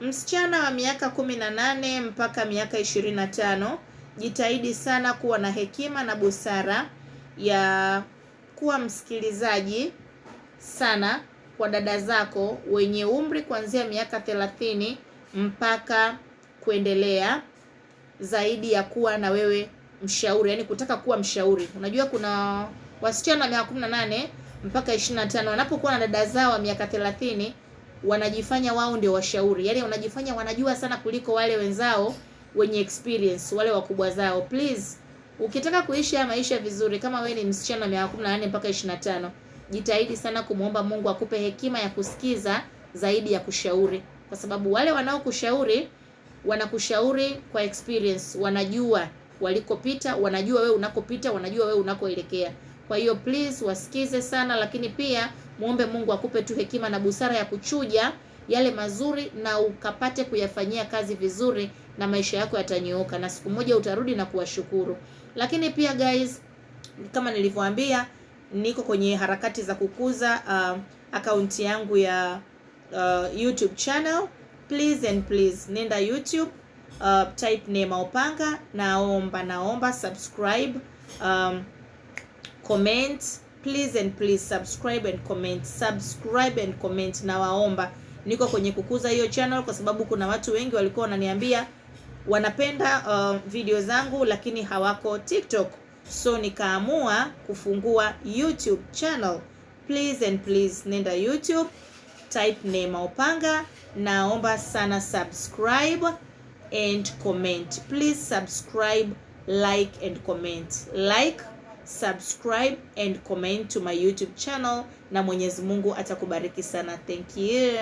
Msichana wa miaka kumi na nane mpaka miaka ishirini na tano jitahidi sana kuwa na hekima na busara ya kuwa msikilizaji sana kwa dada zako wenye umri kuanzia miaka thelathini mpaka kuendelea, zaidi ya kuwa na wewe mshauri, yani kutaka kuwa mshauri. Unajua kuna wasichana wa miaka kumi na nane mpaka ishirini wanapokuwa na dada zao wa miaka thelathini wanajifanya wao ndio washauri, yaani wanajifanya wanajua sana kuliko wale wenzao wenye experience, wale wakubwa zao. Please, ukitaka kuishi haya maisha vizuri, kama wewe ni msichana miaka 18 mpaka 25, jitahidi sana kumwomba Mungu akupe hekima ya kusikiza zaidi ya kushauri, kwa sababu wale wanaokushauri wanakushauri kwa experience, wanajua walikopita, wanajua wewe unakopita, wanajua wewe unakoelekea. Kwa hiyo please wasikize sana, lakini pia muombe Mungu akupe tu hekima na busara ya kuchuja yale mazuri na ukapate kuyafanyia kazi vizuri, na maisha yako yatanyooka na siku moja utarudi na kuwashukuru. Lakini pia guys, kama nilivyoambia, niko kwenye harakati za kukuza uh, akaunti yangu ya uh, YouTube channel. Please and please nenda YouTube uh, type Neema Opanga, naomba naomba subscribe um, comment please and please subscribe and comment, subscribe and comment. Nawaomba, niko kwenye kukuza hiyo channel kwa sababu kuna watu wengi walikuwa wananiambia wanapenda uh, video zangu lakini hawako TikTok, so nikaamua kufungua YouTube channel. Please and please, nenda YouTube, type Neema Upanga Naomba sana subscribe and comment, please subscribe, like and comment, like subscribe and comment to my YouTube channel, na Mwenyezi Mungu atakubariki sana. Thank you.